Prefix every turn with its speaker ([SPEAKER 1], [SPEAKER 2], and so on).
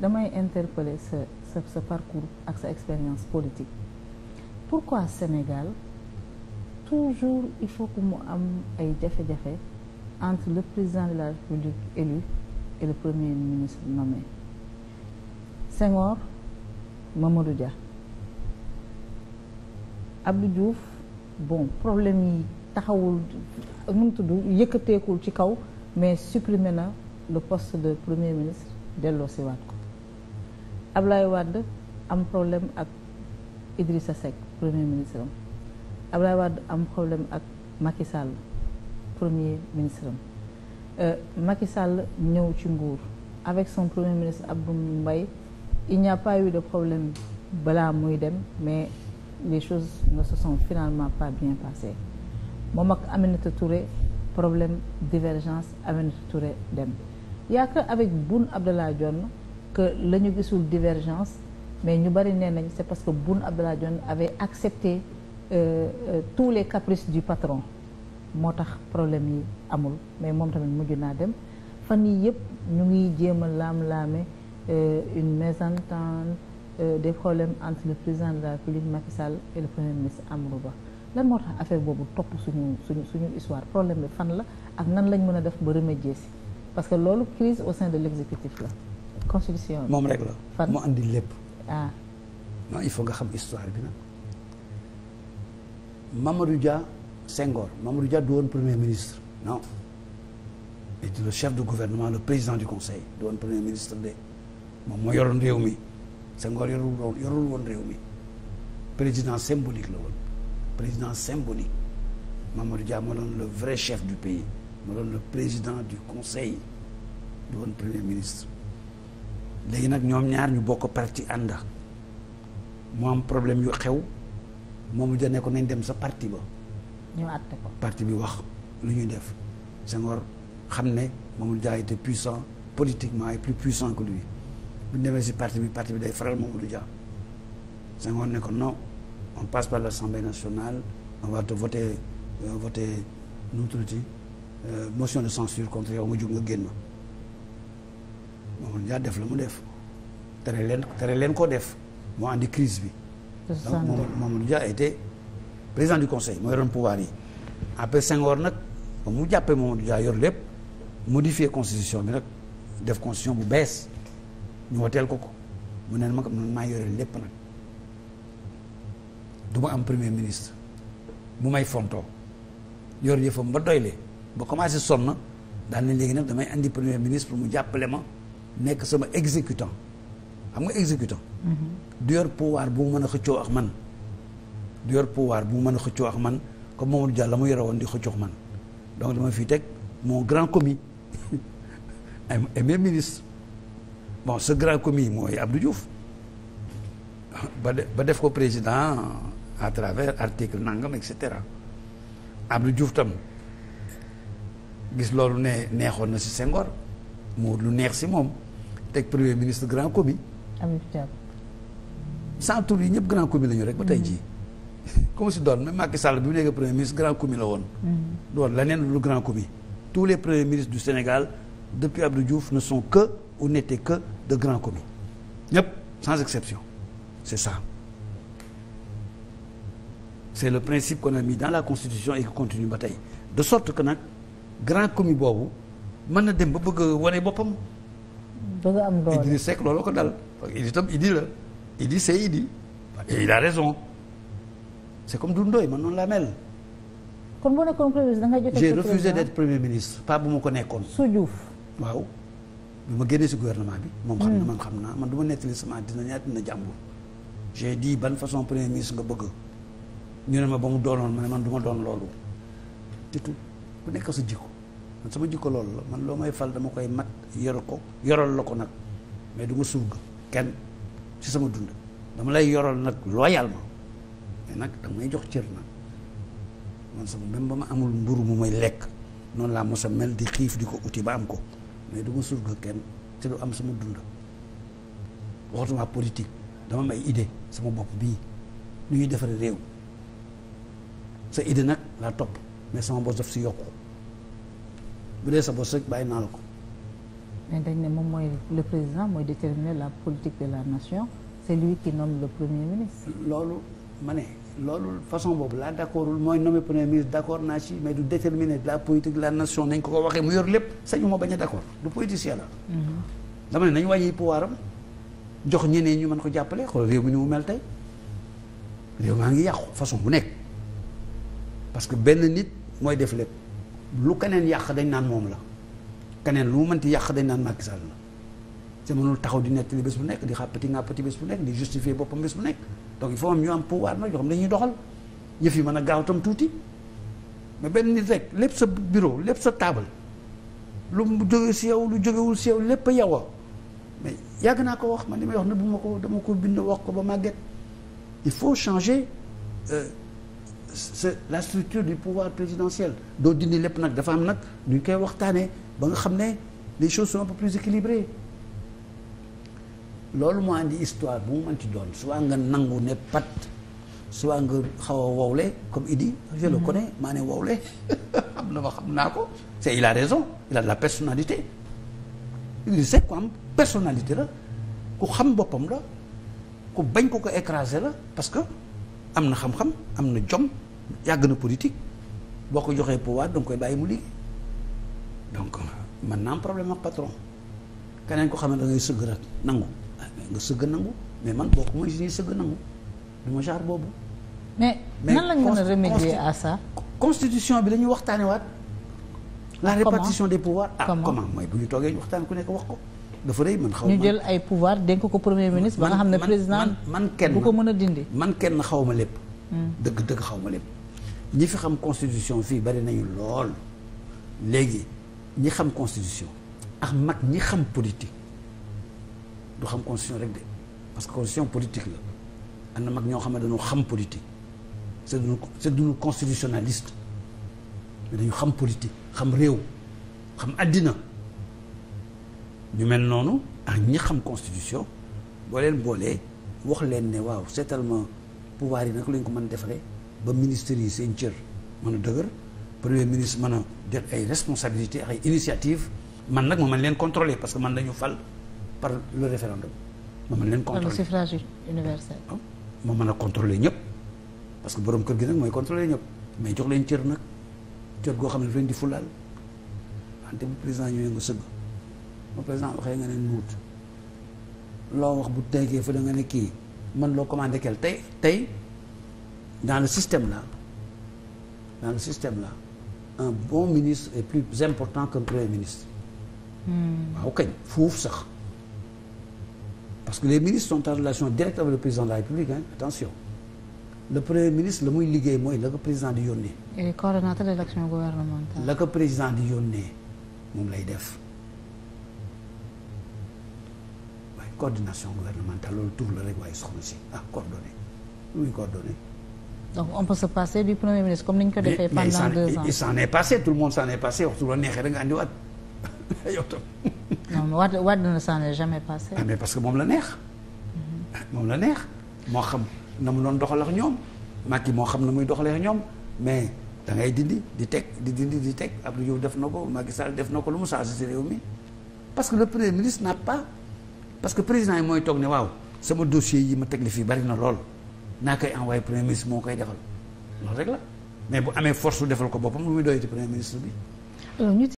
[SPEAKER 1] damay interpeller sa sa sa parcours ak sa expérience politique pourquoi Sénégal toujours il faut que mu am ay jafe-jafe entre le président de la République élu et le premier ministre nommé Senghor Mamadou Dia Abdou juuf bon problème yi taxawul nu mu tudd yëkkateekul ci kaw mais supprimer na le poste de premier ministre delloo si waat ko Ablaye Wade am problème ak Idrissa Seck premier ministre am Ablaye Wade am problème ak Macky Sall premier ministre am euh, Sall ñëw ci nguur avec son premier ministre Abdou Mbaye il n'y a pas eu de problème balaa muy dem mais les chose ne se sont finalement pas bien passées moom ak Aminata Touré problème divergence Aminata Touré dem y a que avec Boun Abdallah Dionne que la ñu gisul divergence mais ñu bari nee nañ c'est parce que Boun Abdallah Dionne avait accepté euh, euh, tous les caprices du patron moo tax problème yi amul mais moom tamit mujj naa dem fan yi yëpp ñu ngi jéem a laam-laame euh, une mésentente euh, des problèmes entre le président de la République Macky Sall et le premier ministre Amadou Ba lan moo tax affaire boobu topp suñu suñu suñu histoire problème bi fan la ak nan lañ mën a def ba remédier si parce que loolu crise au sein de l'exécutif la moom rek
[SPEAKER 2] la fan moo andi lépp ah non il faut nga xam histoire bi nag Mamadou Dia Senghor Mamadou Dia du premier ministre non il le chef du gouvernement le président du conseil du woon premier ministre de moom moo yoroon réew mi sengoor yorul yorul woon réew mi président symbolique la woon président symbolique Mamadou Dia moo doon le vrai chef du pays ma doon le président du conseil di woon premier ministre léegi nag ñoom ñaar ñu bokk parti ànd mu am problème yu xew moom moomu jëne ko nañ dem sa parti ba ñu parti bi wax lu ñuy def Senghor xam ne Mamadou Dia était puissant politiquement et plus puissant que lui bu ñu demee si parti bi parti bi day faral Mamadou Dia Senghor ne ko no on passe par l'Assemblée nationale on va te voter euh, voter Euh, motion de censure contre yow nga jóg nga génn Mamadou Dia def la mu def tere leen tere leen ko def moo andi crise bi donc Mamadou Dia était président du conseil moo yoroon pouvoir yi après Senghor nag ba mu jàppee Mamadou Dia yor lépp modifier constitution bi nag def constitution bu bees ñu woteel ko ko mu ne ma man maa yore lépp nag du ma am premier ministre bu may fontoo yor yëfam ba doyle ba commencé sonn daal nañ léegi nag damay andi premier ministre mu jàppale ma nekk sama exécutant xam nga exécutant mhm. du yor pouvoir bu mu mën a xëccoo ak man du yor pouvoir bu mu mën a xëccoo ak man comme Mamadou Diallo mu yore woon di xëccoo ak man donc dama fii teg mon grand commis et mes ministres bon ba def ko président à article nangam et cetera Abdou Diouf tam gis loolu ne neexoon na si Senghor mu lu neex si moom teg premier ministre grand commis. Habib Thiam. sans tour yi ñëpp grand commis la ñu rek. ba tey jii comme mm-hmm. si doon même Macky Sall bi mu nekk premier ministre grand commis la woon. Mm-hmm. du woon lu grand commis. tous les premiers ministres du Sénégal depuis Abdou Diouf ne sont que ou que de grands commis ñëpp sans exception c'est ça. c'est le principe qu'on a mis dans la constitution et qui continue ba tey de sorte grand commis boobu mën na dem ba bëgg a wane boppam. bëgg am doole Idriss ko dal Idriss tam la Idriss c'est Idriss et il a raison c'est comme Doudou man noonu laa mel.
[SPEAKER 1] kon boo nekkoon premier ministre da nga jotee. j'ai refusé d'être
[SPEAKER 2] premier ministre pas bu ma ko nekkoon. su Diouf waaw. bi ma génnee si gouvernement bi. moom xam na hmm. man xam naa man du ma nettali sama dina ñaar dina jàmbur. j'ai dit ban façon premier ministre nga bëgg ñu ne ma ba mu doonoon ma man du ma doon loolu. ku nekk sa jikko man sama jikko loolu la man loo may fal dama koy mat yor ko yoral la ko nag mais du ma surga kenn ci sama dund dama lay yoral nag loyalement mais nag da may jox cër nag man sama même ba ma amul mburu mu may lekk noonu laa mos a mel di xiif di ko uti ba am ko mais du ma surga kenn te du am sama dund waxtuma politique dama am ay sama bopp bii nu ñuy defaree réew sa idée nag laa topp mais sama bos si yokku bu dee sa bos rek bàyyi naa la ko.
[SPEAKER 1] mais dañ ne moom mooy le président mooy déterminer la politique de la nation c'est lui qui nomme le premier ministre.
[SPEAKER 2] loolu ma ne loolu façon boobu la d'accordul mooy nommé premier ministre d'accord naa ci mais du déterminer la politique de la nation nañ ko ko waxee mu yor lépp sañu ma bañ a d'accord du politicien la. Mm-hmm. dama ne nañu wàññi pouvoiram jox ñeneen ñu mën ko jàppale xool réew mi ni mu mel tey réew maa ngi yàqu façon bu nekk parce que benn nit mooy def lu keneen yàq dañ naan moom la keneen lu mu mënti yàq dañ naan Macky Sall la te mënul taxaw di nettali bés bu nekk di xàppati ngàppati bés bu nekk di justifier boppam bés bu nekk donc il faut am ñu am pouvoir nag yoo xam dañuy doxal yëf yi mën a gaaw tam tuuti mais benn nit rek lépp sa bureau lépp sa table lu mu jóge si lu jógewul si yow lépp a yow a mais yàgg naa ko wax man li may wax ne bu ma ko dama ko bind wax ko ba màgget il faut changer. Euh, c'est la structure du pouvoir présidentiel doo dindi lépp nag dafa nag duñ koy waxtaanee ba nga xam ne les choses sont un peu loolu moo andi histoire bu mu doon soit nga nangu ne pat soit nga xaw a wowle comme il dit je le connais maa ne wowle xam na ma xam naa ko c'est il a raison il a de la personalité il sait quoi am personnalité la ku xam boppam la ku bañ ko ko écrasé la parce que am na xam-xam am na jom yàgg na politique boo ko joxee pouvoir da nga koy bàyyi mu liggéey donc man naa problème ak patron keneen ko xam ne da ngay sëgg rek nangu nga sëgg nangu mais man bokk ma si ñuy sëgg nangu du ma mais nan lañ mën à ça. constitution bi la ñuy waxtaanee waat. la répartition des pouvoirs ah comment mooy bu ñu toogee ñu waxtaan ku nekk wax ko. dafa man xaw ñu jël
[SPEAKER 1] ay pouvoir dénk ko premier ministre. ba nga xam ne président man kenn bu ko mën a
[SPEAKER 2] dindi. man kenn xaw ma lépp. Hmm. dëgg dëgg xaw ma lépp. ñi fi xam constitution fii bari nañu lool léegi ñi xam constitution ak mag ñi xam politique du xam constitution rek de parce que constitution politique la am na mag ñoo xam ne dañoo xam politique c'est du c'est du constitutionnaliste mais dañu xam politique xam réew xam àddina ñu mel noonu ak ñi xam constitution boo leen boolee wax leen ne waaw c'est tellement pouvoir yi nag lañ ko mën defaree ba ministre yi seen cër mën a dëgër premier ministre mën a jël ay responsabilité ay initiative man nag ma man leen contrôler parce que man lañu fal par le référendum ma man leen contrôler par le
[SPEAKER 1] suffrage universel ah,
[SPEAKER 2] ma mën a contrôler ñëpp parce que borom kër gi nag mooy contrôler ñëpp mais jox leen cër nag cër goo xam ne leen di fulaal wante bu président ñëwee nga sëgg ma président waxee nga ne nuut loo wax bu teggee fa da nga ne kii man loo commandé kell tey tey dans le système là système là un bon ministre est plus important qu'un premier ministre hmm. waaw kañ foofu sax parce que les ministres sont en relation directe avec le président de la République hein attention le premier ministre la muy liggéey mooy la ko président di yónnee
[SPEAKER 1] et coordonnateur de l'action gouvernementale
[SPEAKER 2] la ko président di yónnee moom lay def waaye coordination gouvernementale loolu tur la rek waaye soxna si ah coordonné muy coordonné
[SPEAKER 1] donc on peut se passer du premier ministre comme ni ñu ko defee. pendant deux ans mais il s'en
[SPEAKER 2] est passé tout le monde s'en est passé waxtu la neexee da nga andi waat
[SPEAKER 1] yow tam. non Wade Wade ne ah,
[SPEAKER 2] parce que moom la neex. Mhm. Ah, moom la neex moo xam na mu doon doxal ak ñoom Macky moo xam na muy doxalee ñoom mais da ngay dindi di teg di dindi di teg Abdou Diouf def na ko Macky Sall def na ko lu mu changé si réew mi parce que le premier ministre n'a pas parce que président yi mooy toog ne waaw sama dossier yi ma teg li fii bari na lool. naa koy envoyé premier ministre moo koy defal loolu rek la mais bu amee force su defal ko boppam lu muy doyati premier ministre
[SPEAKER 1] bi.